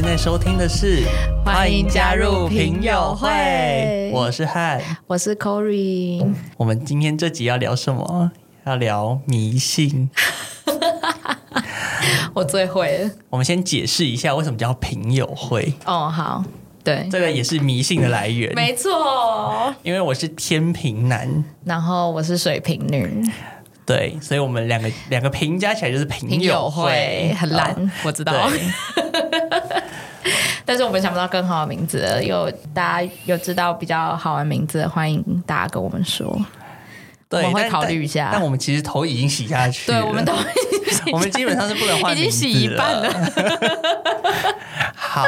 現在收聽的是歡迎加入朋友會，我是翰，我是 Cori。我們今天這集要聊什麼？要聊迷信。 我最會了。我們先解釋一下為什麼叫朋友會。哦，好，對，這個也是迷信的來源。沒錯，因為我是天秤男，然後我是水瓶女，對，所以我們兩個兩個平加起來就是朋友，友會，很爛，哦，我知道。但是我們想不到更好的名字，有大家有知道比較好玩的名字，歡迎大家跟我們說，對，我們會考慮一下。但，但我們其實頭已經洗下去，對，我們都已經洗，我們基本上是不能換，已經洗一半了。 好，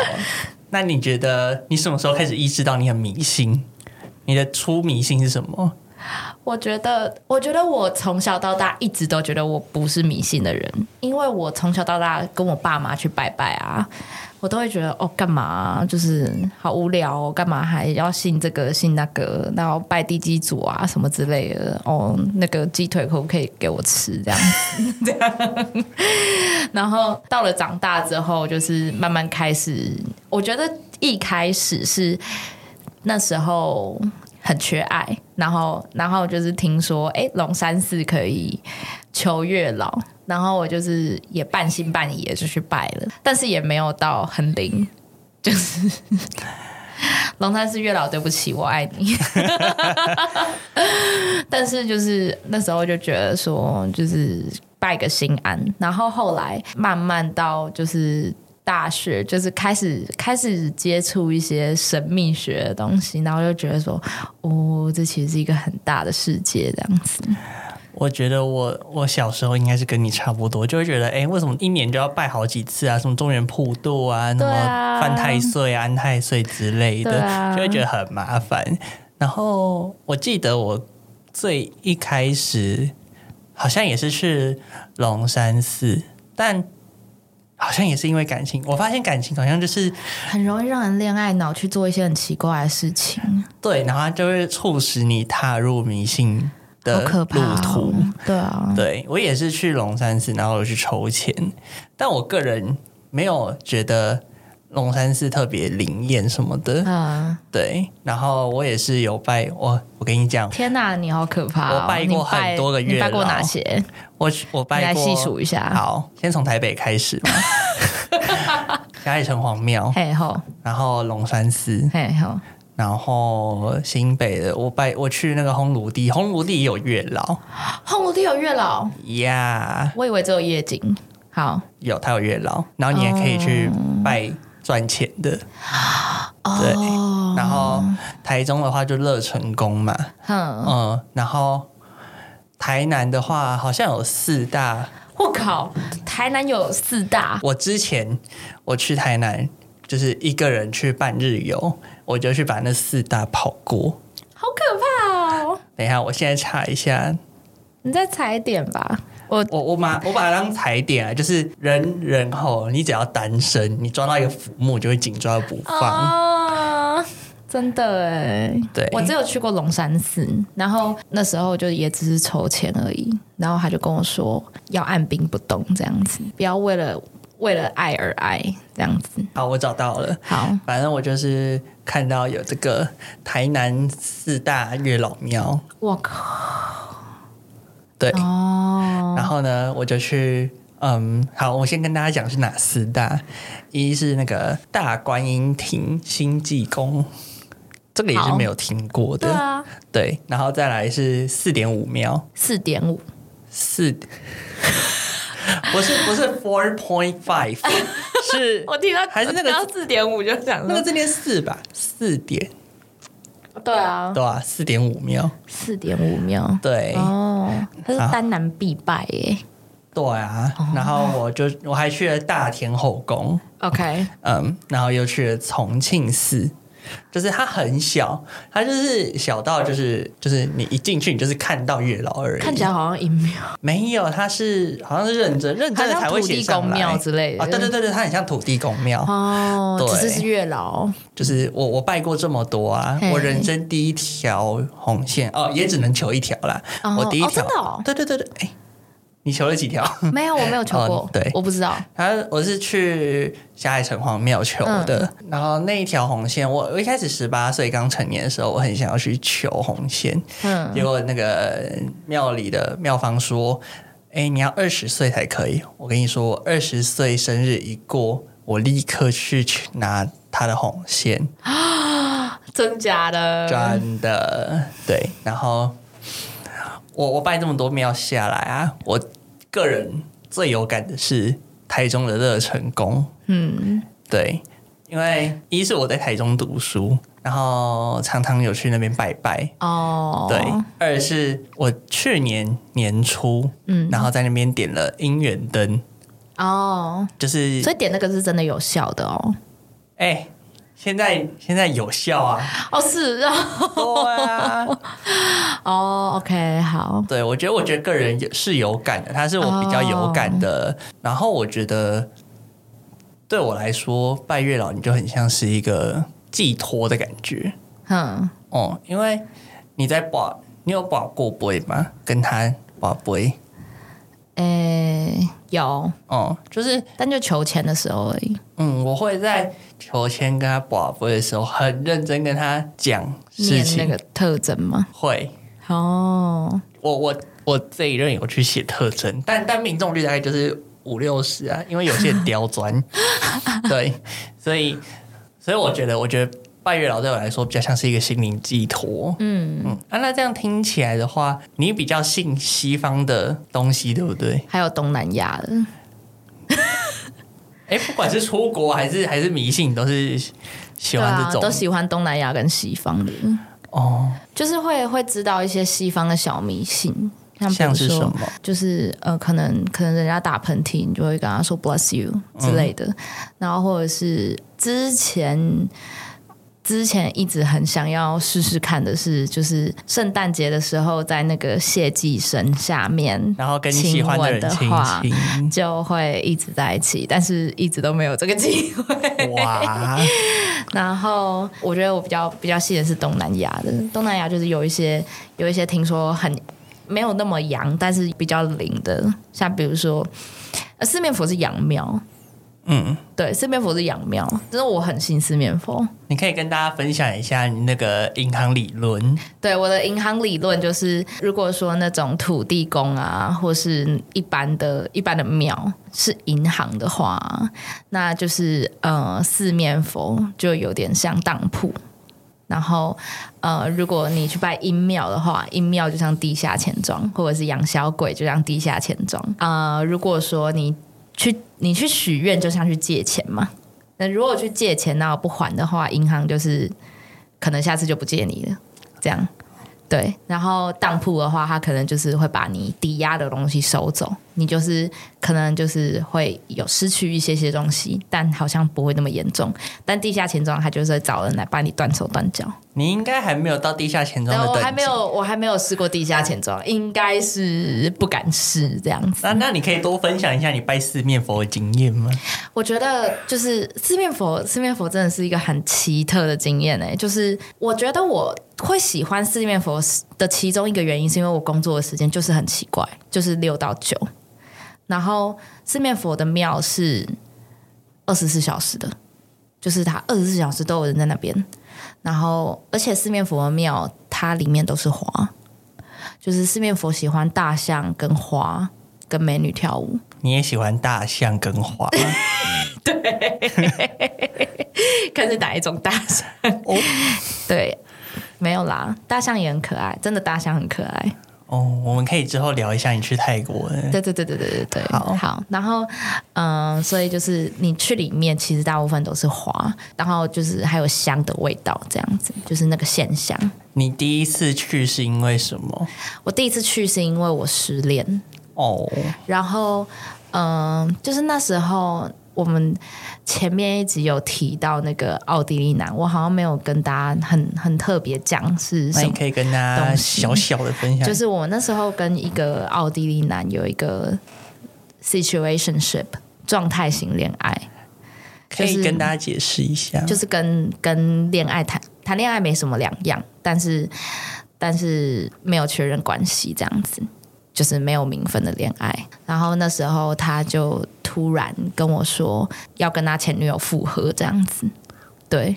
那你覺得你什麼時候開始意識到你很迷信？嗯、你的初迷信是什麼？我覺得，我覺得我從小到大一直都覺得我不是迷信的人，因為我從小到大跟我爸媽去拜拜啊，我都會覺得哦，幹嘛就是好無聊，哦，幹嘛還要信這個信那個，然後拜地基主啊什麼之類的哦，那個雞腿可不可以給我吃這樣，這樣。 然後到了長大之後，就是慢慢開始，我覺得一開始是那時候，很缺愛，然後，然後就是聽說，哎，龍山寺可以求月老，然後我就是也半信半疑，也就去拜了，但是也沒有到很靈，就是龍山寺月老對不起，我愛你， 但是就是那時候就覺得說，就是拜個心安，然後後來慢慢到就是。大學就是開始開始接觸一些神秘學的東西，然後就覺得說，哦，這其實是一個很大的世界，這樣子。我覺得我我小時候應該是跟你差不多，就會覺得，哎、欸，為什麼一年就要拜好幾次啊？什麼中元普渡啊，什麼犯太歲、安太歲之類的、啊，就會覺得很麻煩。然後我記得我最一開始好像也是去龍山寺，但。好像也是因為感情，我發現感情好像就是很容易讓人戀愛腦去做一些很奇怪的事情，對，然後就會促使你踏入迷信的路途，哦、對啊，對我也是去龍山寺，然後我去抽籤，但我個人沒有覺得。龍山寺特別靈驗什麼的，嗯、uh,，對。然後我也是有拜我，我跟你講，天哪、啊，你好可怕、哦！我拜過很多個月老。你拜,你拜過哪些？我我拜過。細數一下，好，先從台北開始吧。嘉 義 城隍廟，hey, ho, 然後龍山寺 hey,，然後新北的，我拜我去那個烘爐地，烘爐地有月老。烘爐地有月老？呀、yeah，我以為只有夜景。好，有它有月老，然後你也可以去拜。Oh. 賺錢的，對。然後台中的話就樂成宮嘛，嗯嗯。然後台南的話好像有四大，我靠，台南有四大。我之前我去台南，就是一個人去半日遊，我就去把那四大跑過，好可怕哦！等一下，我現在查一下，你再踩點吧。我我我我把它當踩點啊，就是人人吼，你只要單身，你抓到一個浮木就會緊抓不放，哦、真的耶！對，我只有去過龍山寺，然後那時候就也只是籌錢而已，然後他就跟我說要按兵不動這樣子，不要為了為了愛而愛這樣子。好，我找到了，好，反正我就是看到有這個台南四大月老廟，我靠。對、哦，然後呢，我就去，嗯，好，我先跟大家講是哪四大，一是那個大觀音亭、興濟宮，這個也是沒有聽過的，對，然後再來是四點五廟，四點五，四， 不是不 是 four point five，是我聽到還是那個四點五就講那個這邊四吧，四點。對啊，對啊，四點五秒，四點五秒，對，哦，他是單男必敗耶，啊對啊、哦，然後我就我還去了大天後宮，OK，嗯，然後又去了重慶寺。就是它很小，它就是小到就是就是你一進去，你就是看到月老而已，看起來好像一秒沒有，它是好像是認真認真的才會寫上來之類的，對、哦、對對對，它很像土地公廟哦，對，只是，是月老，就是我我拜過這麼多啊，嘿嘿我人生第一條紅線哦，也只能求一條了、欸，我第一條、哦哦，對對對對，欸你求了幾條？沒有，我沒有求過。嗯、對，我不知道。然後我是去嘉義城隍廟求的、嗯。然後那一條紅線，我，我一開始十八歲剛成年的時候，我很想要去求紅線。嗯。結果那個廟裡的廟方說：“哎，你要二十歲才可以。”我跟你說，我二十歲生日一過，我立刻去拿他的紅線啊！真假的？真的。對，然後。我我拜這麼多廟下來啊，我個人最有感的是台中的樂成宮。嗯，對，因為一是我在台中讀書，然後常常有去那邊拜拜哦，對，二是我去年年初，嗯，然後在那邊點了姻緣燈哦，就是所以點那個是真的有效的哦，哎、欸。現在現在有效啊！哦、oh, 是、啊，對啊，哦、oh，OK，好，對，我覺得我覺得個人是有感的，他是我比較有感的，oh. 然後我覺得對我來說，拜月老你就很像是一個寄托的感覺，huh. 嗯，哦，因為你在擲，你有擲過杯嗎？跟他擲杯。誒、欸，有哦、嗯，就是但就求籤的時候而已。嗯，我會在求籤跟他卜卦的時候，很認真跟他講事情。那個特徵嗎？會哦，我我我這一任有去寫特徵，但但命中率大概就是五六十啊，因為有些刁鑽， 對，所以所以我覺得，我覺得。拜月老對我來說比較像是一個心靈寄託。嗯嗯，啊，那這樣聽起來的話，你比較信西方的東西，對不對？還有東南亞的 、欸。不管是出國還是、嗯、還是迷信，都是喜歡這種，啊、都喜歡東南亞跟西方的。哦、嗯，就是會會知道一些西方的小迷信，像，像是什麼，就是呃，可能可能人家打噴嚏，你就會跟他說 “bless you” 之類的、嗯，然後或者是之前。之前一直很想要試試看的是，就是聖誕節的時候，在那個謝祭神下面，然後跟你喜歡的人親親，就會一直在一起，但是一直都沒有這個機會。哇！ 然後我覺得我比較比較信的是東南亞的，東南亞就是有一些有一些聽說很沒有那麼陽，但是比較靈的，像比如說，四面佛是陽廟。嗯，對，四面佛是養廟，真的我很信四面佛。你可以跟大家分享一下你那個銀行理論。對，我的銀行理論就是，如果說那種土地公啊，或是一般的、一般的廟是銀行的話，那就是呃，四面佛就有點像當鋪。然後呃，如果你去拜陰廟的話，陰廟就像地下錢莊，或者是養小鬼就像地下錢莊啊。如果說你。去你去許願就像去借錢嘛，那如果去借錢，那不還的話，銀行就是可能下次就不借你了。這樣，對，然後當鋪的話，他可能就是會把你抵押的東西收走。你就是可能就是會有失去一些些東西，但好像不會那麼嚴重。但地下錢莊，他就是在找人來幫你斷手斷腳。你應該還沒有到地下錢莊的等級、呃、我還沒有，我還沒有試過地下錢莊、啊，應該是不敢試這樣子。那、啊、那你可以多分享一下你拜四面佛的經驗嗎？我覺得就是四面佛，四面佛真的是一個很奇特的經驗呢、欸。就是我覺得我會喜歡四面佛的其中一個原因，是因為我工作的時間就是很奇怪，就是六到九。然後四面佛的廟是二十四小時的，就是它二十四小時都有人在那邊。然後，而且四面佛的廟，它裡面都是花，就是四面佛喜歡大象跟花跟美女跳舞。你也喜歡大象跟花？ 對， 看是哪一種大象？ 對，沒有啦，大象也很可愛，真的大象很可愛。哦、oh,，我們可以之後聊一下你去泰國誒。對對對對對對對，好好。然後，嗯、呃，所以就是你去裡面，其實大部分都是花，然後就是還有香的味道，這樣子，就是那個現象。你第一次去是因為什麼？我第一次去是因為我失戀。哦、oh.。然後，嗯、呃，就是那時候。我們前面一直有提到那個奧地利男，我好像沒有跟大家很很特別講是什麼，可以跟大家小小的分享。就是我那時候跟一個奧地利男有一個 situationship 狀態型戀愛，就是，可以跟大家解釋一下，就是跟跟戀愛談談戀愛沒什麼兩樣，但是但是沒有確認關係這樣子。就是沒有名分的戀愛，然後那時候他就突然跟我說要跟他前女友復合這樣子，對，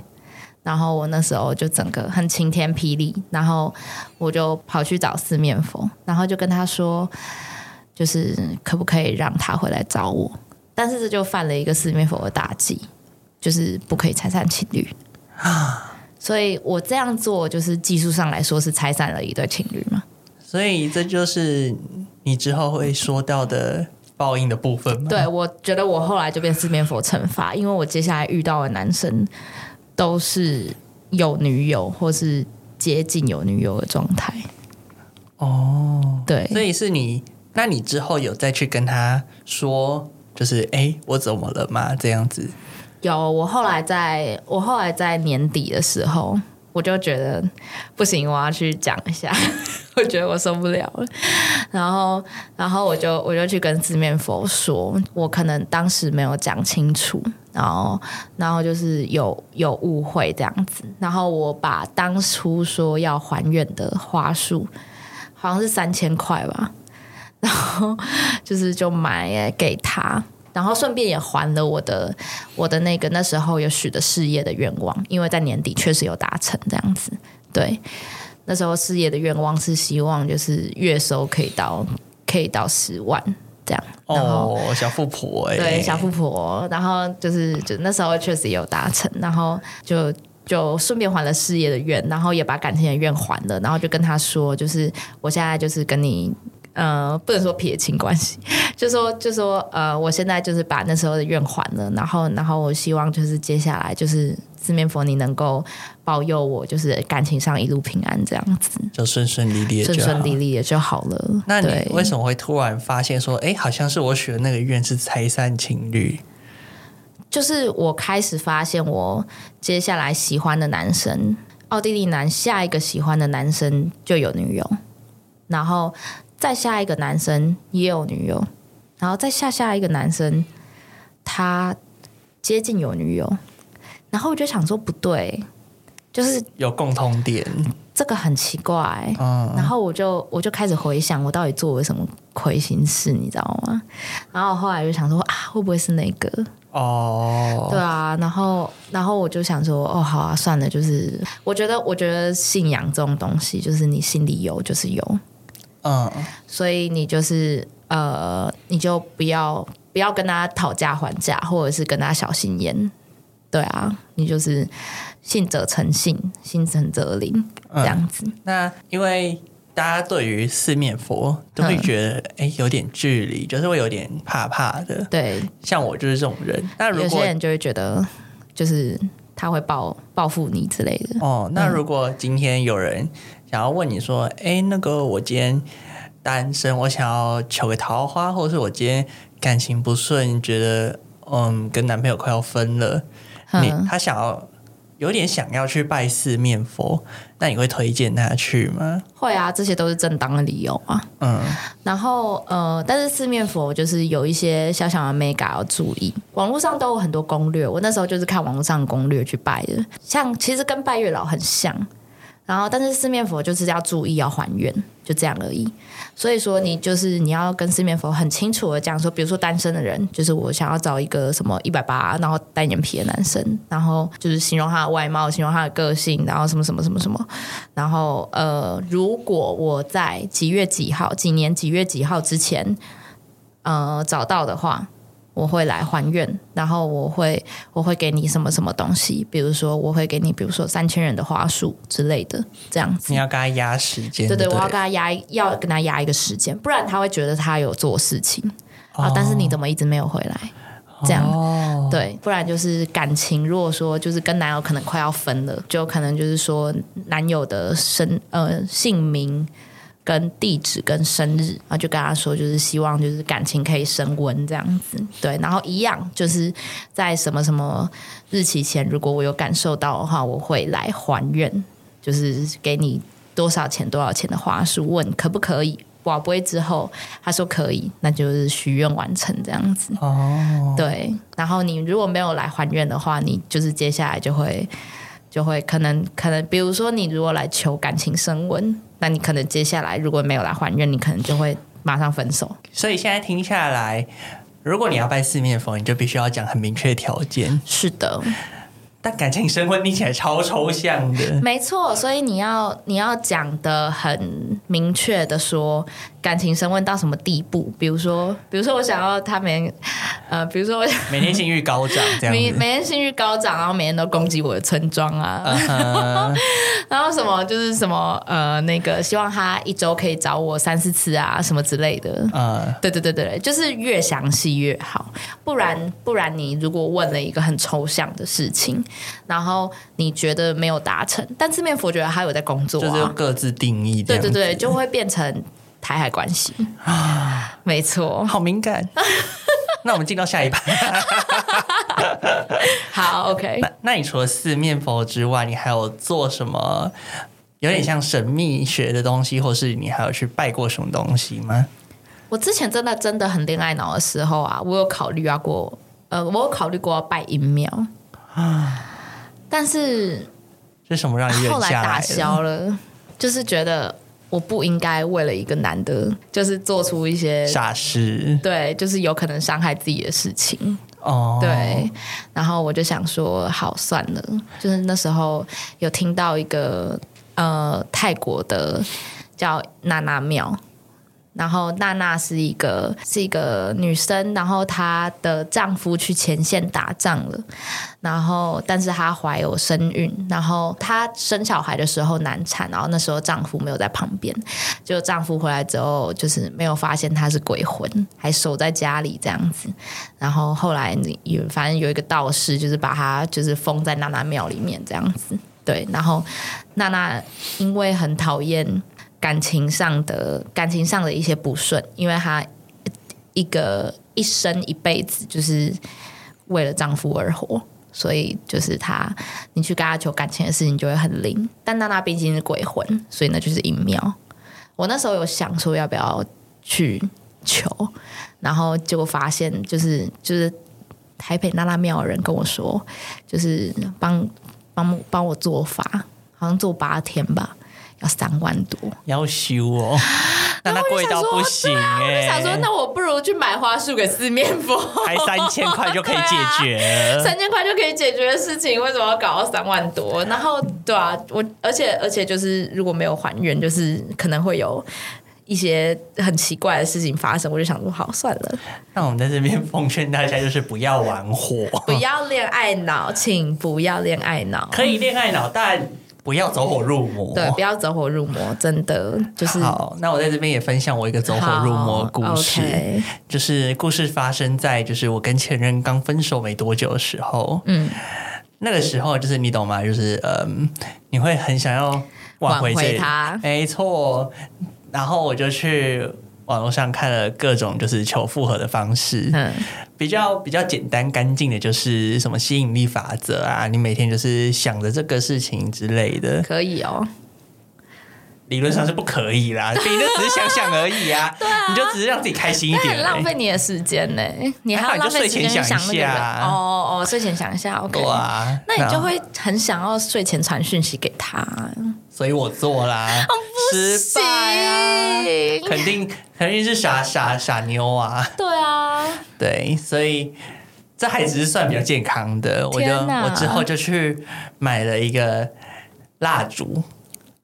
然後我那時候就整個很晴天霹靂，然後我就跑去找四面佛，然後就跟他說，就是可不可以讓他回來找我？但是這就犯了一個四面佛的大忌，就是不可以拆散情侶啊，所以我這樣做就是技術上來說是拆散了一對情侶嘛。所以這就是你之後會說到的報應的部分嗎？對，我覺得我後來就變四面佛懲罰，因為我接下來遇到的男生都是有女友或是接近有女友的狀態。哦，oh，對，所以是你？那你之後有再去跟他說，就是哎，我怎麼了嗎？這樣子？有，我後來在，oh. 我後來在年底的時候。我就覺得不行，我要去講一下，我覺得我受不了了。然後，然後我就我就去跟四面佛說，我可能當時沒有講清楚，然後，然後就是有有誤會這樣子。然後我把當初說要還願的花束，好像是三千塊吧，然後就是就買給他。然後順便也還了我的我的那個那時候有許的事業的願望，因為在年底確實有達成這樣子。對，那時候事業的願望是希望就是月收可以到可以到十萬這樣。哦，小富婆哎，對，小富婆。然後就是就那時候確實也有達成，然後就就順便還了事業的願，然後也把感情的願還了，然後就跟他說，就是我現在就是跟你。呃，不能說撇清關係，就說就說呃，我現在就是把那時候的願還了，然後然後我希望就是接下來就是四面佛，你能夠保佑我，就是感情上一路平安這樣子，就順順利利順順利利的就好了。那你為什麼會突然發現說，哎，好像是我許的那個願是拆散情侶？就是我開始發現，我接下來喜歡的男生，奧地利男下一個喜歡的男生就有女友，然後。再下一個男生也有女友，然後再下下一個男生，他接近有女友，然後我就想說不對，就是有共同點，這個很奇怪欸。嗯，然後我就我就開始回想我到底做了什麼虧心事，你知道嗎？然後我後來就想說啊，會不會是那個？哦，對啊，然後然後我就想說，哦，好啊，算了，就是我覺得我覺得信仰這種東西，就是你心裡有就是有。嗯，所以你就是呃，你就不要不要跟他討價還價，或者是跟他小心眼，對啊，你就是信則誠，信，心誠則靈這樣子。那因為大家對於四面佛都會覺得哎、嗯欸、有點距離，就是會有點怕怕的。對，像我就是這種人。那如果有些人就會覺得，就是他會報報復你之類的。哦，那如果今天有人，嗯想要問你說，哎，那個我今天單身，我想要求個桃花，或者是我今天感情不順，覺得嗯跟男朋友快要分了，嗯、你他想要有點想要去拜四面佛，那你會推薦他去嗎？會啊，這些都是正當的理由啊。嗯，然後呃，但是四面佛就是有一些小小的眉角要注意，網絡上都有很多攻略，我那時候就是看網絡上攻略去拜的，像其實跟拜月老很像。然後，但是四面佛就是要注意，要還原，就這樣而已。所以說，你就是你要跟四面佛很清楚的講說，比如說單身的人，就是我想要找一個什麼一百八，然後單眼皮的男生，然後就是形容他的外貌，形容他的個性，然後什麼什麼什麼什麼，然後呃，如果我在幾月幾號、幾年幾月幾號之前，呃，找到的話。我會來還願，然後我會我會給你什麼什麼東西，比如說我會給你，比如說三千元的花束之類的，這樣子。你要跟他壓時間。對對，對，我要跟他壓，要跟他壓一個時間，不然他會覺得他有做事情。啊、oh。哦，但是你怎麼一直沒有回來？這樣哦，oh。對，不然就是感情。如果說就是跟男友可能快要分了，就可能就是說男友的身呃姓名，跟地址、跟生日，啊，就跟他說，就是希望就是感情可以升溫這樣子，對。然後一樣，就是在什麼什麼日期前，如果我有感受到的話，我會來還願，就是給你多少錢多少錢的話術，問可不可以。我會之後，他說可以，那就是許願完成這樣子。哦，對。然後你如果沒有來還願的話，你就是接下來就會。就會可能可能，比如說你如果來求感情升溫，那你可能接下來如果沒有來還願，你可能就會馬上分手。所以現在聽下來，如果你要拜四面佛，你就必須要講很明確的條件。是的，但感情升溫聽起來超抽象的，沒錯。所以你要你要講得很明確的說。感情升溫到什麼地步？比如說，比如說我想要他每天，呃，比如說我想每天性慾高漲這樣，每每天性慾高漲，然後每天都攻擊我的村莊啊，uh -huh. 然後什麼就是什麼呃，那個希望他一週可以找我三四次啊，什麼之類的。啊、uh -huh.，對對對對，就是越詳細越好。不然不然，你如果問了一個很抽象的事情，然後你覺得沒有達成，但四面佛覺得他有在工作、啊、就是各自定義。對對對，就會變成。台海關係啊，沒錯，好敏感。 那我們進到下一盤。 好，OK。那，那你除了四面佛之外，你還有做什麼？有點像神秘學的東西，或是你還有去拜過什麼東西嗎？我之前真的真的很戀愛腦的時候啊，我有考慮要過，呃，我有考慮過要拜陰廟啊，但是是什麼讓你來後來打消了？就是覺得。我不應該為了一個男的，就是做出一些傻事，對，就是有可能傷害自己的事情。哦，對，然後我就想說，好算了。就是那時候有聽到一個呃泰國的叫娜娜廟。然後娜娜是一個是一個女生，然後她的丈夫去前線打仗了，然後但是她懷有身孕，然後她生小孩的時候難產，然後那時候丈夫沒有在旁邊，就丈夫回來之後就是沒有發現她是鬼魂，還守在家裡這樣子，然後後來有反正有一個道士就是把她就是封在娜娜廟裡面這樣子，對，然後娜娜因為很討厭。感情上的感情上的一些不順，因為她一個一生一輩子就是為了丈夫而活，所以就是她，你去跟她求感情的事情就會很靈。但娜娜畢竟是鬼魂，所以呢就是陰廟。我那時候有想說要不要去求，然後結果發現就是就是台北娜娜廟的人跟我說，就是幫幫幫我做法，好像做八天吧。要三萬多，要修哦，那那貴到不行。我就想說，那我不如去買花束給四面佛，還 三千塊就可以解決，啊、三千塊就可以解決的事情，為什麼要搞到三萬多？ 然後對啊，我而且而且就是如果沒有還原，就是可能會有一些很奇怪的事情發生。我就想說，好算了。那我們在這邊奉勸大家，就是不要玩火， 不要戀愛腦，請不要戀愛腦， 可以戀愛腦，但。 不要走火入魔。對，不要走火入魔，真的就是。好，那我在這邊也分享我一個走火入魔的故事，okay，就是故事發生在就是我跟前任剛分手沒多久的時候。嗯，那個時候就是你懂嗎？就是嗯，你會很想要挽回，挽回他，沒錯。然後我就去。網絡上看了各種就是求復合的方式，嗯，比較比較簡單乾淨的就是什麼吸引力法則啊，你每天就是想着這個事情之類的，可以哦。理論上是不可以啦，你、嗯、就只是想想而已啊， 啊，你就只是讓自己開心一點，欸，很浪費你的時間呢，欸，你還要、啊、你就睡前想一下，啊，哦哦，睡前想一下，okay，對啊，那你就會很想要睡前傳訊息給他，所以我做啦。 哦失敗、啊、肯定肯定是傻傻傻妞啊！對啊，對，所以這還只是算比較健康的。我就我之後就去買了一個蠟燭，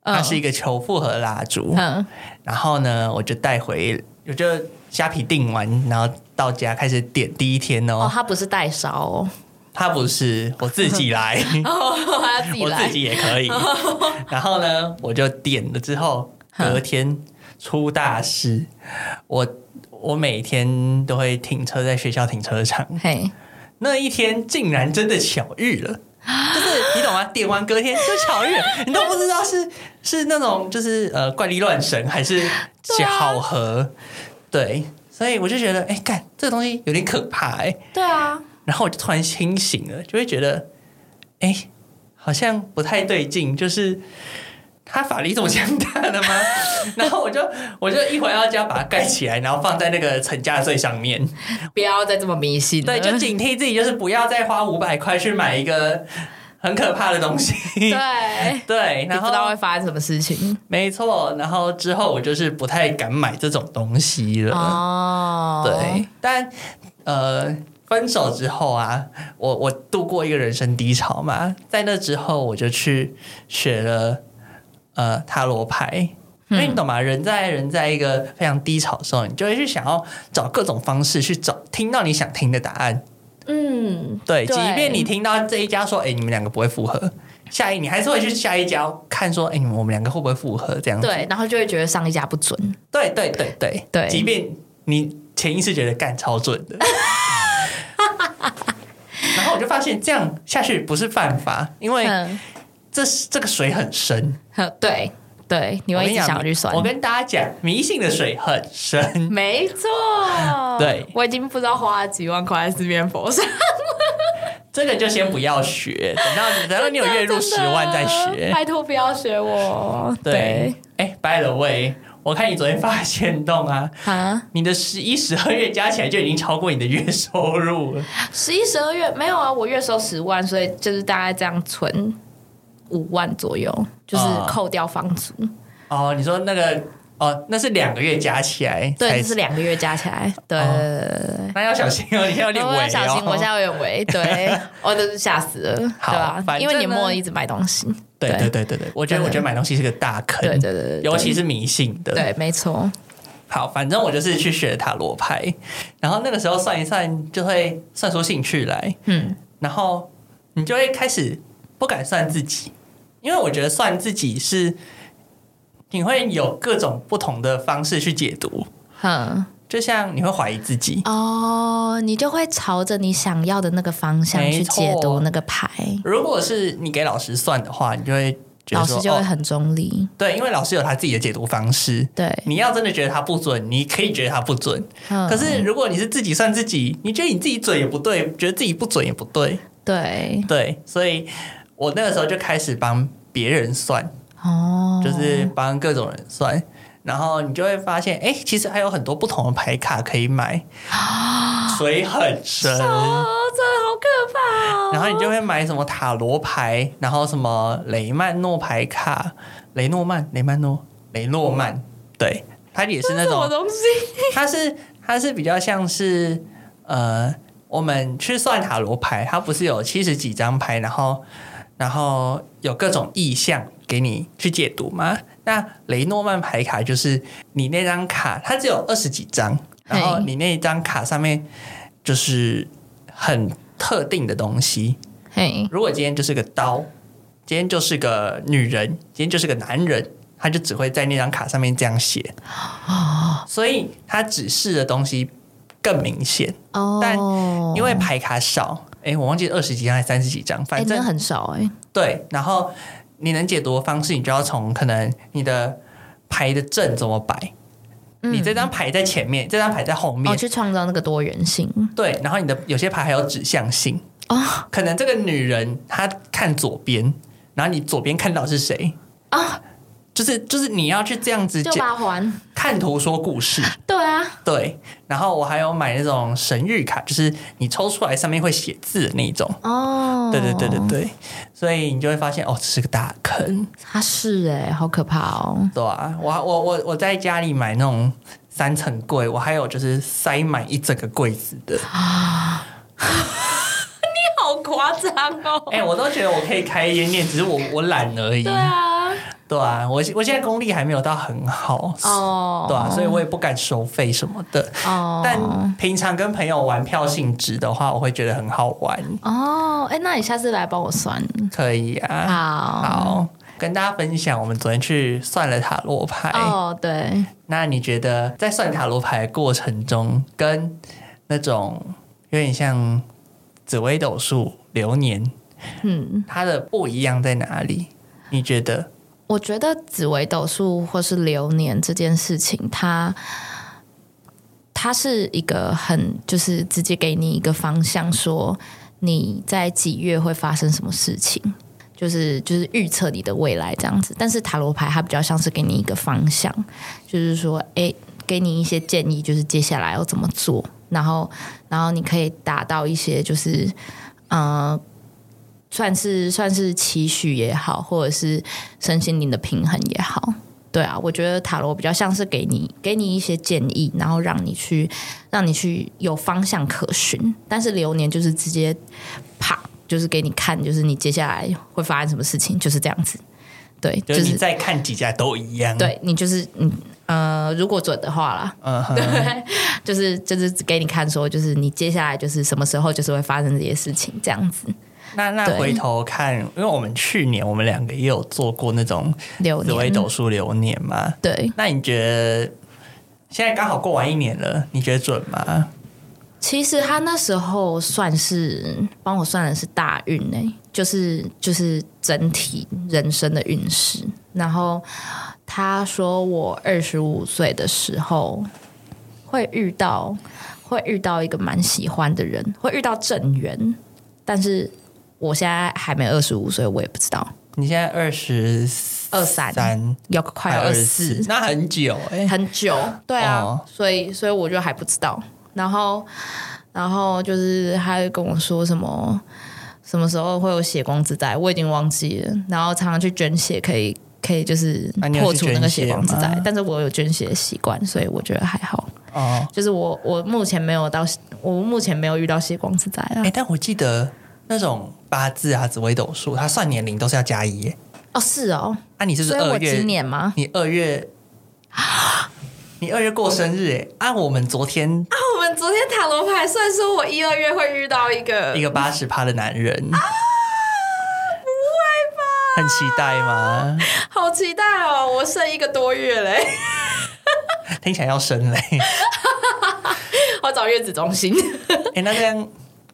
嗯、它是一個求復合蠟燭、嗯。然後呢，我就帶回，我就蝦皮訂完，然後到家開始點第一天哦。它、哦、不是帶燒哦。他不是，我自己來， 哦、自己來 我自己也可以。 然後呢，我就點了之後，隔天出大事、嗯。我我每天都會停車在學校停車場。嘿，那一天竟然真的巧遇了，就 是你懂嗎？點完隔天就巧遇了，你都不知道是是那種就是呃怪力亂神還是巧合對、啊？對，所以我就覺得哎，幹這個東西有點可怕哎、欸。對啊。然後我就突然清醒了，就會覺得，哎，好像不太對勁。就是他法力這麼強大的嗎？ 然後我就我就一會要把它蓋起來，然後放在那個層架最上面。不要再這麼迷信了，對，就警惕自己，就是不要再花五百塊去買一個很可怕的東西。 對 對，你，然後你知道會發生什麼事情？沒錯。然後之後我就是不太敢買這種東西了。哦，對，但呃。分手之後啊，我我度過一個人生低潮嘛，在那之後我就去學了呃塔羅牌，因為你懂嗎？嗯、人在人在一個非常低潮的時候，你就會去想要找各種方式去找聽到你想聽的答案。嗯，對，對對即便你聽到這一家說，哎、欸，你們兩個不會複合，下一你還是會去下一家看說，哎、欸，我們兩個會不會複合？這樣子對，然後就會覺得上一家不準。對對對對對，即便你潛意識覺得幹超準的。 然後我就發現這樣下去不是犯法，因為這、嗯、這個水很深。嗯、對對，你會想我跟你講，我跟大家講，迷信的水很深。沒錯， 對，我已經不知道花了幾萬塊在佛廟上。 這個就先不要學，等到等到你有月入十萬再學。拜託不要學我。對，哎、欸，By the way。我看你昨天發現動啊，哈你的十一十二月加起來就已經超過你的月收入了。十一十二月沒有啊，我月收十萬，所以就是大概這樣存五萬左右，就是扣掉房租哦。哦，你說那個。哦，那是，兩是兩個月加起來。對，是兩個月加起來。對，那要小心哦，你要、哦、我要小心，我現在有尾。對， 我就是嚇死了。好吧，反正因為年末一直買東西。對對對對對，我覺得，對我，覺得我覺得買東西是個大坑。對對對，對，對，尤其對，對，對，對，對尤其是迷信的。對，沒錯。好，反正我就是去學塔羅牌，然後那個時候算一算，就會算出興趣來。嗯，然後你就會開始不敢算自己，因為我覺得算自己是。你會有各種不同的方式去解讀，嗯，就像你會懷疑自己哦，你就會朝着你想要的那個方向去解讀那個牌。如果是你給老師算的話，你就會覺得老師就會很中立。哦，對，因爲老師有他自己的解讀方式。對，你要真的覺得他不準，你可以覺得他不準。嗯，可是如果你是自己算自己，你覺得你自己準也不對，覺得自己不準也不對。對對，所以我那個時候就開始幫別人算。哦，就是幫各種人算，然後你就會發現，哎、欸，其實還有很多不同的牌卡可以買，啊、水很深、啊，真的好可怕、哦。然後你就會買什麼塔羅牌，然後什麼雷曼諾牌卡，雷諾曼、雷曼諾、雷諾曼、曼，對，它也是那種東西。它是它是比較像是，呃，我們去算塔羅牌，它不是有七十幾張牌，然後。然後有各種意象，給你去解讀嗎？那雷諾曼牌卡就是你那張卡，它只有二十幾張，hey. 然後你那一張卡上面就是很特定的東西。嘿、hey，如果今天就是個刀，今天就是個女人，今天就是個男人，他就只會在那張卡上面這樣寫。哦，所以他指示的東西更明顯。Oh. 但因為牌卡少。哎、欸，我忘記二十幾張還是三十幾張，反正、欸、很少哎、欸。對，然後你能解讀的方式，你就要從可能你的牌的陣怎麼擺、嗯，你這張牌在前面，這張牌在後面，哦、去創造那個多元性。對，然後你的有些牌還有指向性、哦、可能這個女人她看左邊，然後你左邊看到是誰。就是就是你要去這樣子就把看圖說故事，對啊，對。然後我還有買那種神諭卡，就是你抽出來上面會寫字的那種哦。對對對對對，所以你就會發現哦，這是個大坑。它、嗯、是哎、欸，好可怕哦。對啊，我我我我在家裡買那種三層櫃，我還有就是塞滿一整個櫃子的啊。 你好誇張哦！哎、欸，我都覺得我可以開一間店，只是我我懶而已。對啊。對啊，我我現在功力還沒有到很好，哦、oh.，對啊，所以我也不敢收費什麼的，哦、oh.。但平常跟朋友玩票性質的話，我會覺得很好玩，哦、oh.。哎，那你下次來幫我算，可以啊。好、oh.，好，跟大家分享，我們昨天去算了塔羅牌，哦、oh,，對。那你覺得在算塔羅牌過程中，跟那種有點像紫微斗數、流年，嗯，它的不一樣在哪裡？你覺得？我覺得紫微斗數或是流年這件事情，它它是一個很就是直接給你一個方向，說你在幾月會發生什麼事情，就是就是預測你的未來這樣子。但是塔羅牌它比較像是給你一個方向，就是說，誒，給你一些建議，就是接下來要怎麼做，然後然後你可以達到一些就是嗯。呃算是算是期許也好，或者是身心靈的平衡也好，對啊，我覺得塔羅比較像是給你給你一些建議，然後讓你去讓你去有方向可循，但是流年就是直接啪，就是給你看，就是你接下來會發生什麼事情，就是這樣子，對，就是、就是、再看幾家都一樣，對你就是嗯呃，如果準的話啦，Uh-huh. 對，就是就是給你看說，就是你接下來就是什麼時候就是會發生這些事情這樣子。那那回頭看，因為我們去年我們兩個也有做過那種紫微斗數流年嘛。年對。那你覺得現在剛好過完一年了，哦、你覺得準嗎？其實他那時候算是幫我算的是大運呢，欸，就是就是整體人生的運勢。然後他說我二十五歲的時候會遇到會遇到一個蠻喜歡的人，會遇到正緣，但是。我現在還沒二十五歲，我也不知道。你現在二十二三，要快二十四，那很久、欸、很久。對啊，哦、所以所以我就還不知道。然後然後就是他跟我說什麼什麼時候會有血光之災，我已經忘記了。然後常常去捐血，可以可以就是破除那個血光之災、啊。但是我有捐血的習慣，所以我覺得還好。哦，就是我我目前沒有到，我目前沒有遇到血光之災啊。哎、欸，但我記得。那種八字啊、紫微斗數，他算年齡都是要加一耶、欸。哦，是哦。那、啊、你是不是二月？所以我今年嗎？你二月，啊、你二月過生日哎、欸哦。啊，我們昨天啊，我們昨天塔羅牌算說我，我一二月會遇到一個一個八十趴的男人。啊，不會吧？很期待嗎？好期待哦！我剩一個多月嘞、欸，聽起來要生嘞、欸。 我找月子中心。哎、欸，那這樣。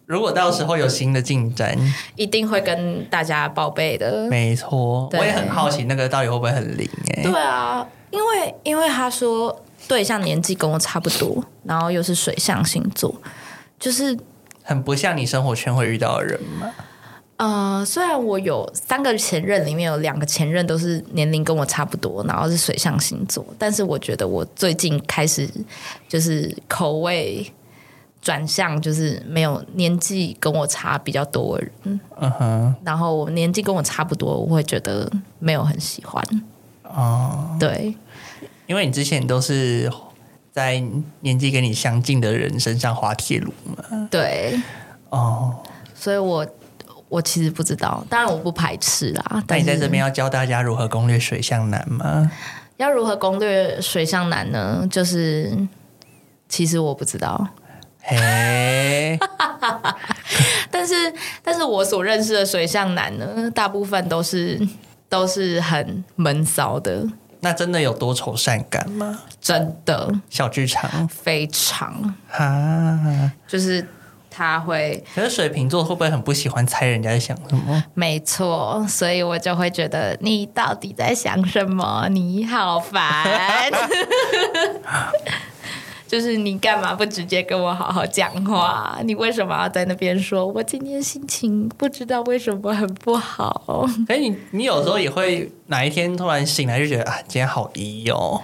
如果到時候有新的進展，嗯嗯，一定會跟大家報備的。沒錯，我也很好奇那個到底會不會很靈哎、欸？對啊，因為因為他說對象年紀跟我差不多，然後又是水象星座，就是很不像你生活圈會遇到的人嘛。呃，雖然我有三個前任，裡面有兩個前任都是年齡跟我差不多，然後是水象星座，但是我覺得我最近開始就是口味。轉向就是沒有年紀跟我差比較多的人，嗯哼，然後我年紀跟我差不多，我會覺得沒有很喜歡哦，uh -huh. 對，因為你之前都是在年紀跟你相近的人身上滑鐵盧嘛，對，哦、uh -huh.，所以我我其實不知道，當然我不排斥啦，但你在這邊要教大家如何攻略水象男嗎？要如何攻略水象男呢？就是其實我不知道。哎， 但是，但是我所認識的水象男呢，大部分都是都是很悶騷的。那真的有多愁善感嗎？真的，小劇場非常啊，就是他會。可是水瓶座會不會很不喜歡猜人家在想什麼？沒錯，所以我就會覺得你到底在想什麼？你好煩。 就是你幹嘛不直接跟我好好講話？你為什麼要在那邊說？我今天心情不知道為什麼很不好、哦。哎、欸，你你有時候也會哪一天突然醒來就覺得啊，今天好疑、e、哦。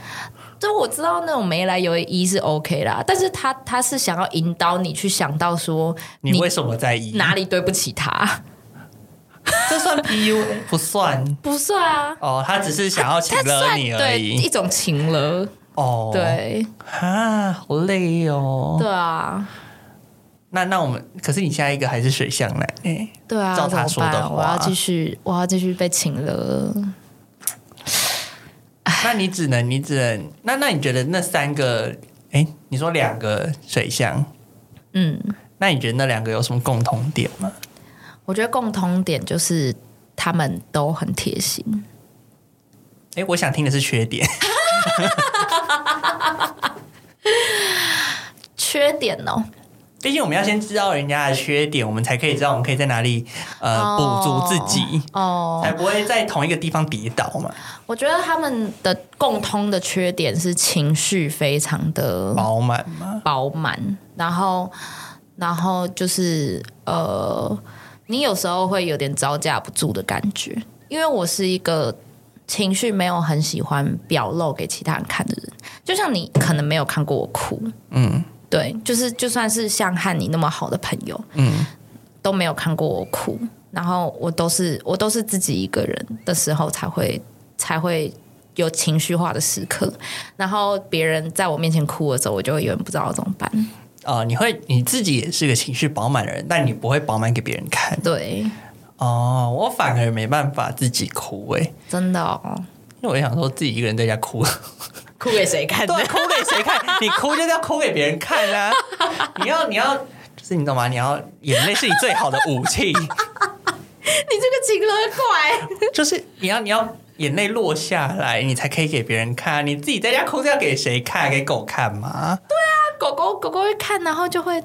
就我知道那種沒來由的、e、是 OK 啦，但是他他是想要引導你去想到說你，你為什麼在意、e？ 哪裡對不起他？這算 PUA？ 不算？不算啊。哦，他只是想要情勒你而已，對，一種情勒。哦，對，哈好累哦。對啊，那那我們，可是你下一個還是水象呢？哎，對啊，照他說的話。我要繼續，我要繼續被請了。那你只能，你只能，那那你覺得那三個？哎，你說兩個水象，嗯，那你覺得那兩個有什麼共同點嗎？我覺得共同點就是他們都很貼心。哎，我想聽的是缺點。哈， 缺點哦，畢竟我們要先知道人家的缺點，我們才可以知道我們可以在哪裡呃哦、補足自己哦，才不會在同一個地方跌倒嘛。我覺得他們的共通的缺點是情緒非常的飽滿嘛，飽滿，然後然後就是呃，你有時候會有點招架不住的感覺，因為我是一個。情緒沒有很喜歡表露給其他人看的人，就像你可能沒有看過我哭，嗯，對，就是就算是像翰你那麼好的朋友，嗯，都沒有看過我哭，然後我都是我都是自己一個人的時候才會才會有情緒化的時刻，然後別人在我面前哭的時候，我就會有點不知道怎麼辦。啊、哦，你會你自己也是個情緒飽滿的人，但你不會飽滿給別人看，對。哦、oh,，我反而沒辦法自己哭誒、欸，真的、哦，因為我想說自己一個人在家哭， 哭給誰看？對，哭給誰看？ 你哭就是要哭給別人看啊！ 你要，你要，就是你懂嗎？你要眼淚是你最好的武器。 你這個情郎怪， 就是你要，你要眼淚落下來，你才可以給別人看、啊。你自己在家哭就要給誰看？ 給狗看嘛。對啊，狗狗狗狗會看，然後就會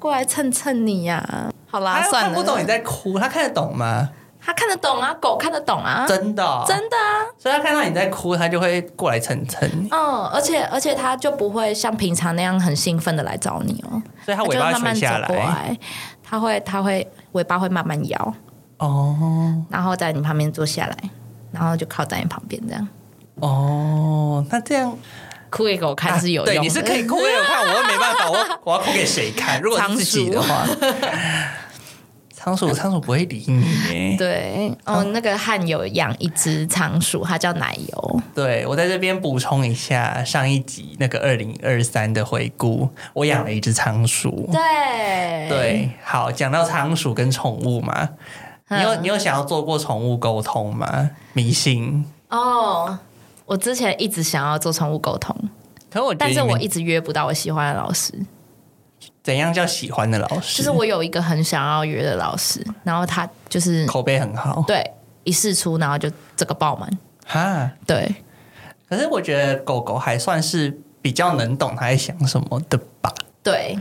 過來蹭蹭你呀、啊。好啦，他看不懂你在哭，他看得懂嗎？他看得懂啊，哦、狗看得懂啊，真的、哦，真的啊。所以他看到你在哭，他就會過來蹭蹭你。嗯，而且而且他就不會像平常那樣很興奮的來找你哦、喔，所以他尾巴垂下來，他會慢慢走過來，他會，他會，他會尾巴會慢慢搖哦，然後在你旁邊坐下來，然後就靠在你旁邊這樣。哦，那這樣。哭給、欸、狗看是有用，啊，對，你是可以哭給我看， 我沒辦法，我我要哭給誰看？如果自己的話，倉鼠， 鼠，倉鼠不會理你耶。對，哦，那個翰有養一只倉鼠，它叫奶油。對，我在這邊補充一下上一集那個二零二三的回顧，我養了一只倉鼠。嗯、對對，好，講到倉鼠跟寵物嘛，你有你有想要做過寵物溝通嗎？迷信哦。我之前一直想要做寵物溝通，可我但是我一直約不到我喜歡的老師。怎樣叫喜歡的老師？就是我有一個很想要約的老師，然後他就是口碑很好。對，一試出然後就這個爆滿。哈，對，可是我覺得狗狗還算是比較能懂他在想什麼的吧？對。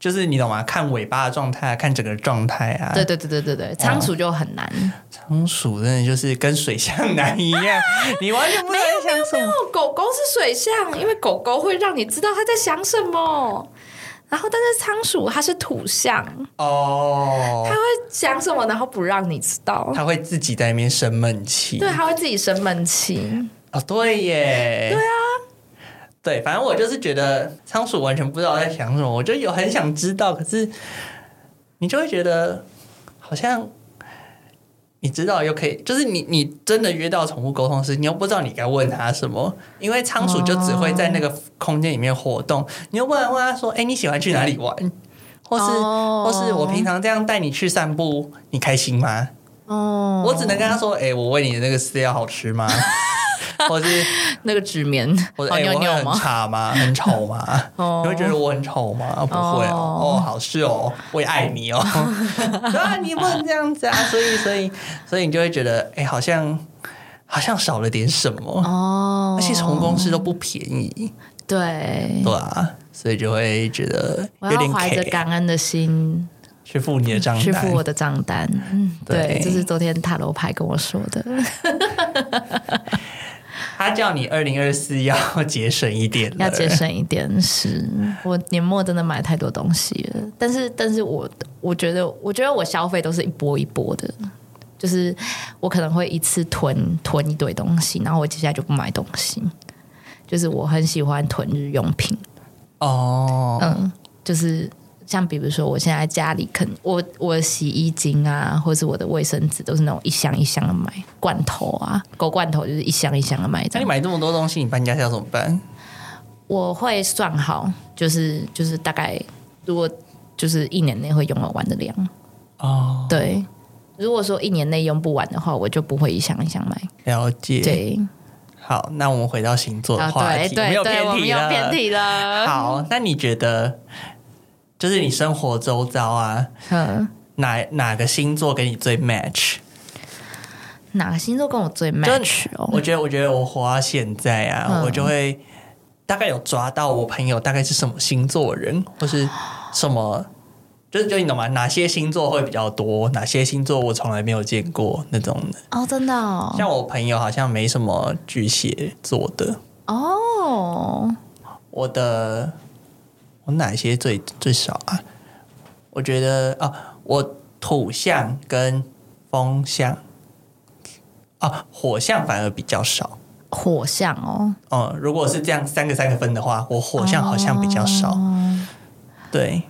就是你懂嗎？看尾巴的狀態，看整個狀態啊。對對對對對對，倉鼠就很難。倉、啊、鼠真的就是跟水象男一樣， 你完全不知道想什麼。狗狗是水象，因為狗狗會讓你知道它在想什麼。然後但是倉鼠它是土象哦，它會想什麼然後不讓你知道。它、哦、會自己在那邊生悶氣。對，它會自己生悶氣。哦，對耶。對啊。對，反正我就是覺得倉鼠完全不知道在想什麼，我就有很想知道，可是你就會覺得好像你知道又可以，就是你你真的約到寵物溝通師，你又不知道你該問他什麼，因為倉鼠就只會在那個空間裡面活動，你又不能問他說：“哎、欸，你喜歡去哪裡玩？”或是或是我平常這樣帶你去散步，你開心嗎？哦，我只能跟他說：“哎、欸，我餵你的那個飼料好吃嗎？” 或是那個紙棉，或者哎，我，、欸、尿尿尿我很差嗎？很醜嗎？Oh. 你會覺得我很醜嗎、啊？不會哦，oh. Oh, 好事哦，我也愛你哦。Oh. 對啊，你不能這樣子啊！所以，所以，所以，所以你就會覺得，哎、欸，好像好像少了點什麼哦。Oh. 而且從公司都不便宜，對對啊，所以就會覺得有點要懷着感恩的心去付你的賬單，去付我的賬單。嗯，對，這、就是昨天塔羅牌跟我說的。 他叫你二零二四要節省一點，要節省一點。是我年末真的買太多東西了，但是，但是我我覺得，我覺得我消費都是一波一波的，就是我可能會一次囤囤一堆東西，然後我接下來就不買東西。就是我很喜歡囤日用品哦，Oh. 嗯，就是。像比如說，我現在家裡可能我我洗衣精啊，或者是我的衛生紙都是那種一箱一箱的買，罐頭啊，狗罐頭就是一箱一箱的買。那、啊、你買這麼多東西，你搬家要怎麼辦？我會算好，就是就是大概，如果就是一年內會用完的量哦。對，如果說一年內用不完的話，我就不會一箱一箱買。了解。對，好，那我們回到星座的話題，沒、啊、有偏題了，了。好，那你覺得？就是你生活周遭啊，哪哪個星座給你最 match？哪個星座跟我最 match？哦，我覺得，我覺得我活到現在啊，我就會大概有抓到我朋友大概是什麼星座的人，或是什麼，就是就你懂嗎？哪些星座會比較多？哪些星座我從來沒有見過那種的。哦，真的哦？像我朋友好像沒什麼巨蟹座的哦。Oh. 我的。有哪一些最最少啊？我覺得啊、哦，我土象跟風象啊、哦，火象反而比較少。火象哦、哦、嗯，如果是這樣三個三個分的話，我火象好像比較少。哦、對，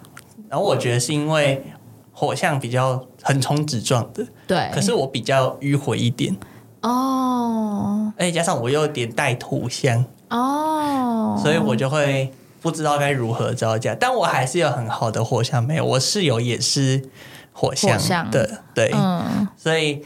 然後我覺得是因為火象比較橫衝直撞的，對。可是我比較迂回一點哦，哎，加上我又有點帶土象哦，所以我就會。不知道該如何招架，但我還是有很好的火象沒有，我室友也是火象的、的對，嗯，所以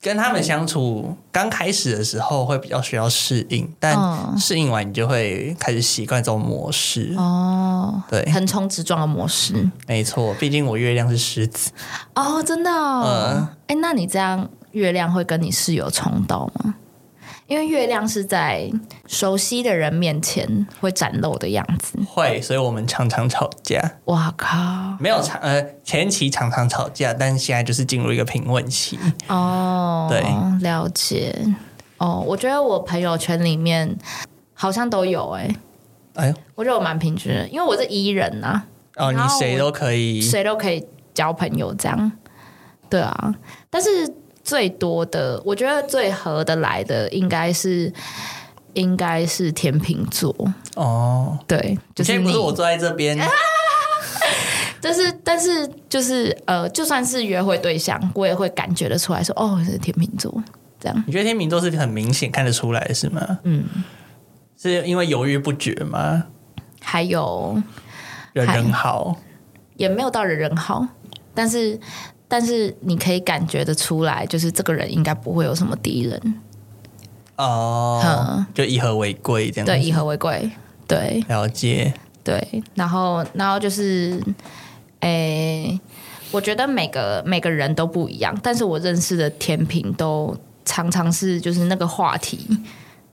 跟他們相處剛、嗯、開始的時候會比較需要適應，嗯、但適應完你就會開始習慣這種模式哦。對，橫衝直撞的模式，嗯、沒錯。畢竟我月亮是獅子哦，真的、哦。嗯，哎、欸，那你這樣月亮會跟你室友衝到嗎？因為月亮是在熟悉的人面前會展露的樣子，會，所以我們常常吵架。哇靠！沒有呃前期常常吵架，但現在就是進入一個平穩期。哦，對，了解。哦，我覺得我朋友圈裡面好像都有、欸，哎呦我覺得我蠻平均的，因為我是 E 人吶、啊。啊、哦，你誰都可以，誰都可以交朋友，這樣對啊？但是。最多的，我覺得最合得來的應該是，應該是天秤座哦，對，就是實不是我坐在這邊， 但是但是就是呃，就算是約會對象，我也會感覺得出來說，哦，是天秤座這樣。你覺得天秤座是很明顯看得出來是嗎？嗯，是因為猶豫不決嗎？還有，人人好，也沒有到人人好，但是。但是你可以感覺得出來，就是這個人應該不會有什麼敵人哦、oh。就以和為貴這樣。對，以和為貴。對，了解。對，然後，然後就是，誒、欸，我覺得每個每個人都不一樣，但是我認識的天秤都常常是，就是那個話題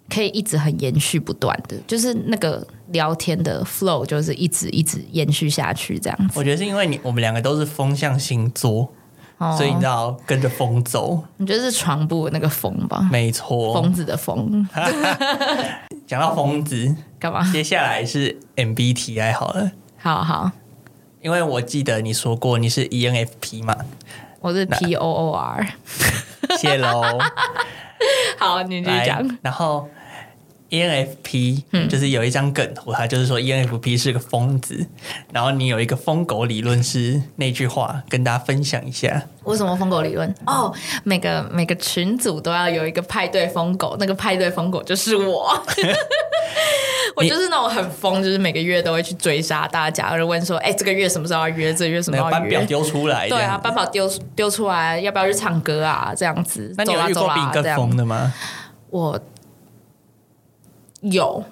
可以一直很延續不斷的，就是那個聊天的 flow 就是一直一直延續下去這樣子。我覺得是因為你，我們兩個都是風象星座。所以你要跟着風走。哦、你覺得是床鋪那個風吧？沒錯，瘋子的瘋。講 到瘋子幹嘛？Okay. 接下來是 MBTI 好了。好好，因為我記得你說過你是 ENFP 嘛。我是 POOR。 謝謝嘍嘍。 好，你就講。然後。ENFP 就是有一張梗圖，他、嗯、就是說 ENFP 是個瘋子。然後你有一個瘋狗理論，是那句話，跟大家分享一下。我什麼瘋狗理論？哦、oh,，每個每個群組都要有一個派對瘋狗，那個派對瘋狗就是我。 我就是那種很瘋，就是每個月都會去追殺大家，而且問說，哎、欸，這個月什麼時候要約？這個月什麼時候要約？班表丟出來。對啊，班表丟丟出來，要不要去唱歌啊？這樣子。那你有遇過比更瘋的嗎？我。有，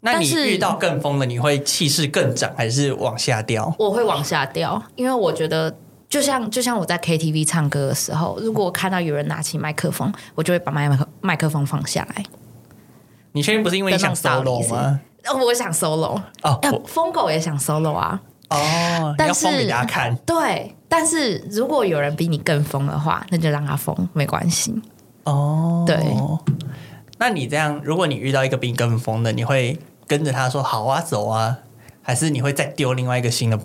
那你遇到更瘋的，你會氣勢更漲還是往下掉？我會往下掉，因為我覺得，就像就像我在 K T V 唱歌的時候，如果看到有人拿起麥克風，我就會把麥克麥克風放下來。你確定不是因為你想 solo 嗎？嗯、我想 solo，哦，欸、瘋狗也想 solo 啊，哦、oh,，但是你要瘋給大家看，對，但是如果有人比你更瘋的話，那就讓他瘋，沒關係，哦、oh.，對。那你這樣，如果你遇到一個病跟風的，你會跟着他說“好啊，走啊”，還是你會再丟另外一個新的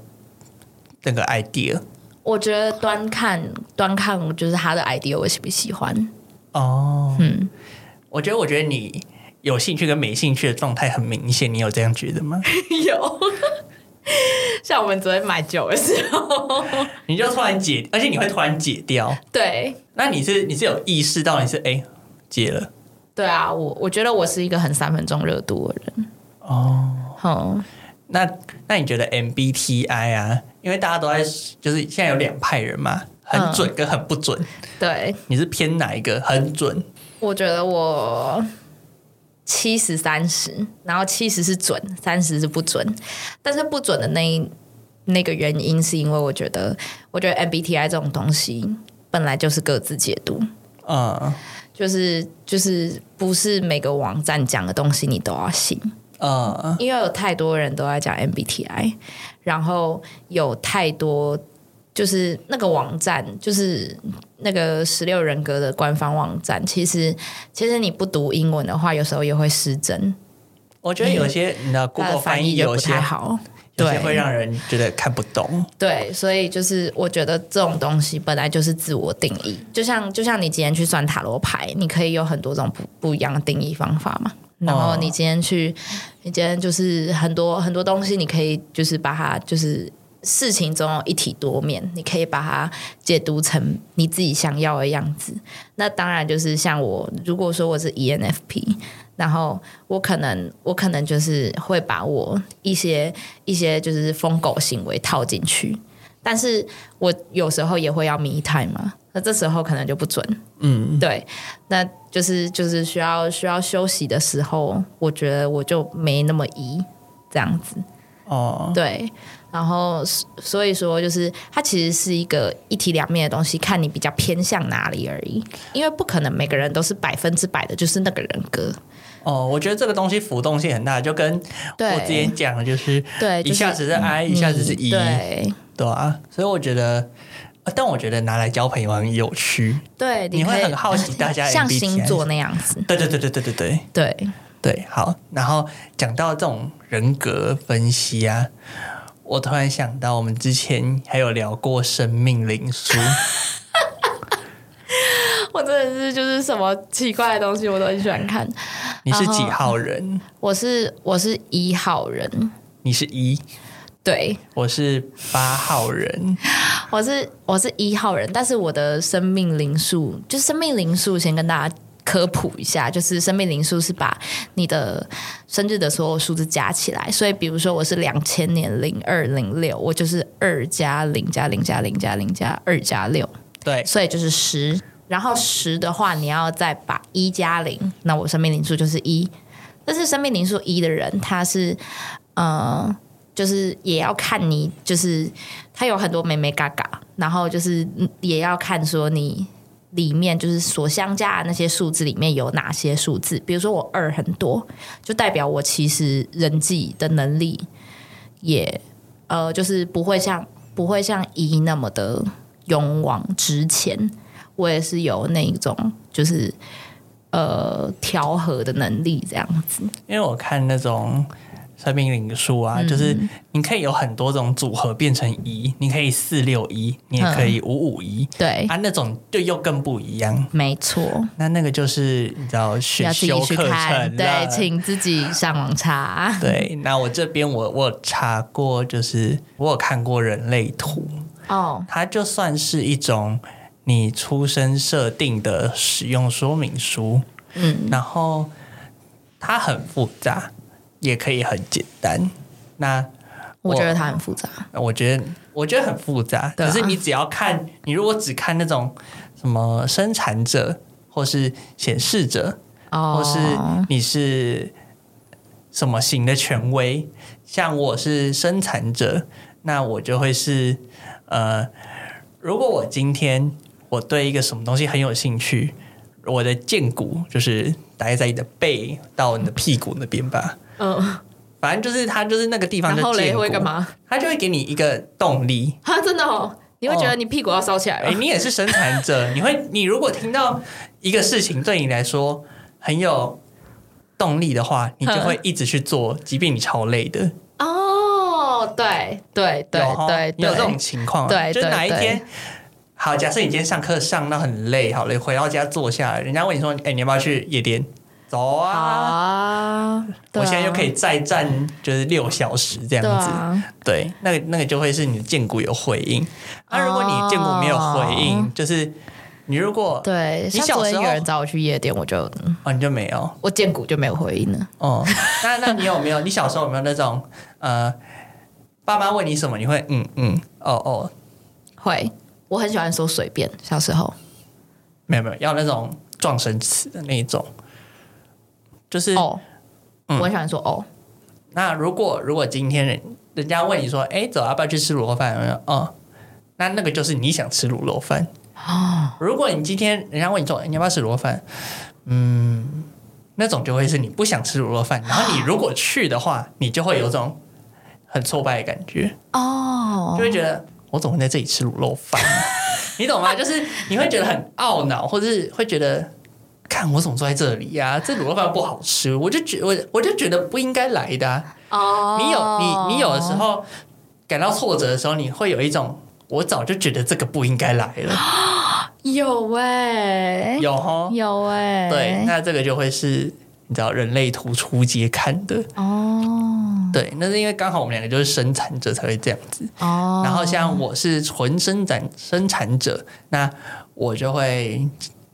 那個 idea？我覺得端看端看，就是他的 idea 我喜不喜歡哦。嗯，我覺得，我覺得你有興趣跟沒興趣的狀態很明顯，你有這樣覺得嗎？有，像我們昨天買酒的時候，你就突然解，而且你會突然解掉。對，那你是你是有意識到你是哎、欸、解了。對啊，我我覺得我是一個很三分鐘熱度的人哦。好，那那你覺得 MBTI 啊？因為大家都在就是現在有兩派人嘛，很準跟很不準。嗯、對，你是偏哪一個？很準？我覺得我七十三十，然後七十是準，三十是不準。但是不準的那一那個原因是因為我覺得，我覺得 MBTI 這種東西本來就是各自解讀。嗯。就是就是不是每個網站講的東西，你都要信。嗯，因為有太多人都在講 MBTI，然後有太多就是那個網站，就是那個十六人格的官方網站，其實其實你不讀英文的話，有時候也會失真。我覺得有些你的谷歌翻譯就不太好。對，會讓人覺得看不懂對。對，所以就是我覺得這種東西本來就是自我定義，就像就像你今天去算塔羅牌，你可以有很多種不不一樣的定義方法嘛。然後你今天去，哦、你今天就是很多很多東西，你可以就是把它就是事情總有一體多面，你可以把它解讀成你自己想要的樣子。那當然就是像我，如果說我是 ENFP。然後我可能我可能就是會把我一些一些就是瘋狗行為套進去，但是我有時候也會要迷態嘛，那這時候可能就不準，嗯，對，那就是就是需要需要休息的時候，我覺得我就沒那麼疑這樣子，哦，對，然後所以說就是它其實是一個一體兩面的東西，看你比較偏向哪裡而已，因為不可能每個人都是百分之百的就是那個人格。哦，我覺得這個東西浮動性很大，就跟我之前講的就是,一下子是 I, 對就是，一下子是 I，、嗯、一下子是 E，、嗯、對,對啊，所以我覺得，但我覺得拿來交朋友很有趣，對你，你會很好奇大家是像星座那樣子，對對,對對對對對對對，對對好。然後講到這種人格分析啊，我突然想到我們之前還有聊過《生命靈書》 我真的是就是什麼奇怪的東西我都很喜歡看。你是幾號人？Uh -oh, 我是我是一號人。你，你是一？對，我是八號人。 我是我是一號人，但是我的生命靈數，就是生命靈數，先跟大家科普一下，就是生命靈數是把你的生日的所有數字加起來。所以，比如說我是兩千年零二零六，我就是二加零加零加零加零加二加六，對，所以就是十。然後十的話，你要再把一加零，那我生命靈數就是一。但是生命靈數一的人，他是呃，就是也要看你，就是他有很多眉眉角角，然後就是也要看說你裡面就是所相加的那些數字裡面有哪些數字。比如說我二很多，就代表我其實人際的能力也呃，就是不會像不會像一那麼的勇往直前。我也是有那一種，就是呃調和的能力這樣子。因為我看那種生命靈數啊、嗯，就是你可以有很多種組合變成一，你可以四六一，你也可以五五一，對啊，那種就又更不一樣。沒錯，那那個就是你知道選修課程，對，請自己上網查。 對，那我這邊我我有查過，就是我有看過人類圖哦，它就算是一種。你出生設定的使用說明書，嗯，然後它很複雜，也可以很簡單。那我，我覺得它很複雜。我覺得我覺得很複雜，嗯，可是你只要看，嗯，你如果只看那種什麼生產者或是顯示者，哦，或是你是什麼型的權威，像我是生產者，那我就會是呃，如果我今天。我對一個什麼東西很有興趣，我的薦骨就是待在你的背到你的屁股那邊吧。嗯，反正就是他就是那個地方。然後你會幹嘛？他就會給你一個動力。啊，真的哦！你會覺得你屁股要燒起來了。哎、哦欸，你也是生產者， 你會，你如果聽到一個事情對你來說很有動力的話，你就會一直去做，即便你超累的。哦，對對對對，對對有，對對對有這種情況，對，對就是、哪一天。對對好，假設你今天上課上到很累，好，你回到家坐下來，人家問你說：“哎、欸，你要不要去夜店？”走啊，啊啊我現在就可以再站，就是六小時這樣子。對，啊對，那個那個就會是你的腱骨有回應。那、啊、如果你腱骨沒有回應，哦、就是你如果對，你小時候有人找我去夜店，我就哦、啊，你就沒有，我腱骨就沒有回應了。哦，那那你有沒有？你小時候有沒有那種呃，爸媽問你什麼，你會嗯嗯，哦哦，會。我很喜歡說隨便，小時候沒有沒有要那種狀聲詞的那一種，就是哦、oh, 嗯，我很喜歡說哦。Oh. 那如果如果今天人人家問你說，哎、嗯，走、啊，要不要去吃滷肉飯？我說哦，那、嗯、那個就是你想吃滷肉飯哦，oh. 如果你今天人家問你說你要不要吃滷肉飯？嗯，那種就會是你不想吃滷肉飯，然後你如果去的話，oh. 你就會有種很挫敗的感覺哦，就會覺得。我總會在這裡吃滷肉飯，啊？ 你懂嗎？就是你會覺得很懊惱，或者是會覺得，看我怎麼坐在這裡呀，啊？這滷肉飯不好吃，我就覺我我就覺得不應該來的啊。哦、oh，你有你你有的時候感到挫折的時候，oh. 你會有一種我早就覺得這個不應該來了。有哎、欸，有吼，有哎、欸，對，那這個就會是你知道人類圖出節看的哦。Oh. 對，那是因為剛好我們兩個就是生產者才會這樣子。哦、oh.，然後像我是純生產生產者，那我就會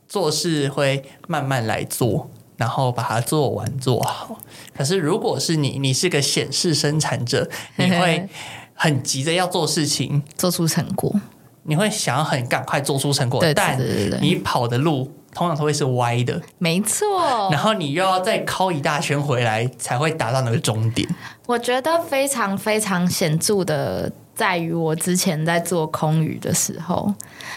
做事會慢慢來做，然後把它做完做好。可是如果是你，你是個顯示生產者，你會很急着要做事情， 做出成果，你會想要很趕快做出成果，但你跑的路。通常都會是歪的。沒錯。然後你又要再靠一大圈回來，才會達到那個終點。我覺得非常非常顯著的，在於我之前在做空餘的時候，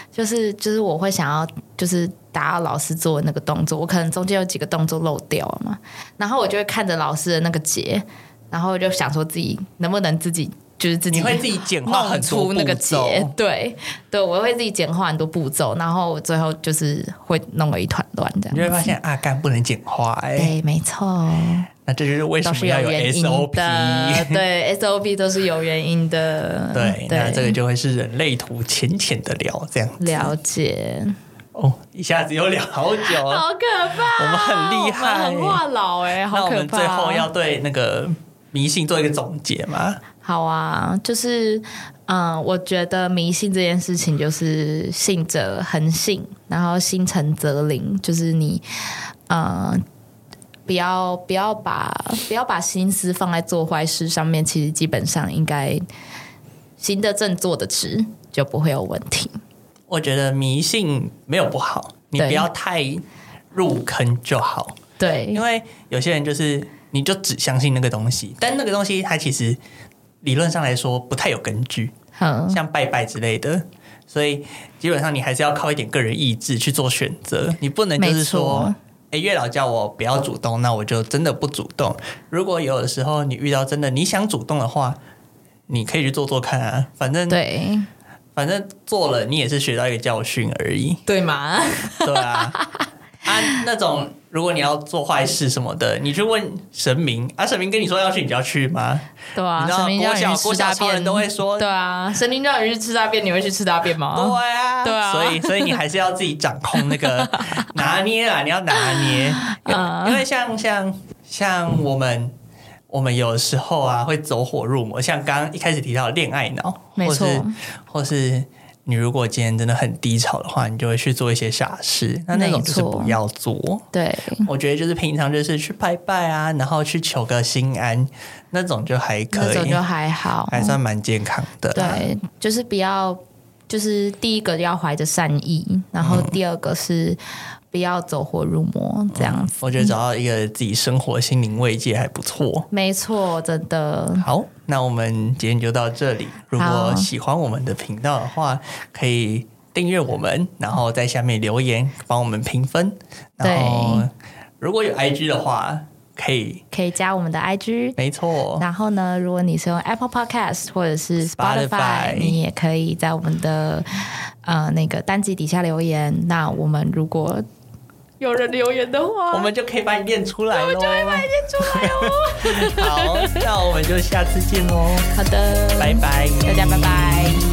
就是就是我會想要，就是達到老師做的那個動作，我可能中間有幾個動作漏掉了嘛，然後我就會看着老師的那個節，然後我就想說自己能不能自己。就是自己你會自己簡化很多出那個結，對對，對，我會自己簡化很多步驟，然後最後就是會弄了一團亂這樣。你會發現阿甘不能簡化，哎，對，沒錯。那這就是為什麼要有 SOP，有對 SOP 都是有原因的對，對。那這個就會是人類圖淺淺的聊這樣了解，哦，oh, 一下子又聊好久了解，好可怕，我們很厲害，很話癆哎、欸，好可怕。那我們最後要對那個迷信做一個總結嘛？好啊，就是，嗯、呃，我覺得迷信這件事情就是信者恆信，然後心誠則靈，就是你，嗯、呃，不要不要把不要把心思放在做壞事上面，其實基本上應該行得正，坐得直，就不會有問題。我覺得迷信沒有不好，你不要太入坑就好。對，因為有些人就是你就只相信那個東西，但那個東西它其實。理論上來說不太有根據，像拜拜之類的，所以基本上你還是要靠一點個人意志去做選擇。你不能就是說，欸，月老叫我不要主動，那我就真的不主動。如果有的時候你遇到真的你想主動的話，你可以去做做看啊。反正對，反正做了你也是學到一個教訓而已，對嗎？對啊。 啊，那種，如果你要做壞事什麼的，你去問神明，啊，神明跟你說要去，你就要去嗎？對啊，你知道你大便郭小郭小超人都會說，對啊，神明叫你去吃大便，你會去吃大便嗎？對啊，對啊，所以，所以你還是要自己掌控那個拿捏啊， 你要拿捏啊，因為、uh, 因為像像像我們，嗯，我們有時候啊，會走火入魔，像剛剛一開始提到的戀愛腦，沒錯，或是。你如果今天真的很低潮的話，你就會去做一些傻事，那那種就是不要做。對，我覺得就是平常就是去拜拜啊，然後去求個心安，那種就還可以，那種就還好，還算蠻健康的。對，就是不要，就是第一個要懷着善意，然後第二個是。嗯不要走火入魔，這樣子、嗯，我覺得找到一個自己生活心靈慰藉，還不錯、嗯。沒錯，真的。好，那我們今天就到這裡。如果喜歡我們的頻道的話，可以訂閱我們，然後在下面留言幫、嗯、我們評分然後。對。如果有 I G 的話，可以可以加我們的 I G。沒錯。然後呢，如果你是用 Apple Podcast 或者是 Spotify，, Spotify 你也可以在我們的呃那個單集底下留言。那我們如果有人留言的話，我們就可以把你念出來 我們就會把你念出來哦。 好，那我們就下次見嘍。好的，拜拜，大家拜拜。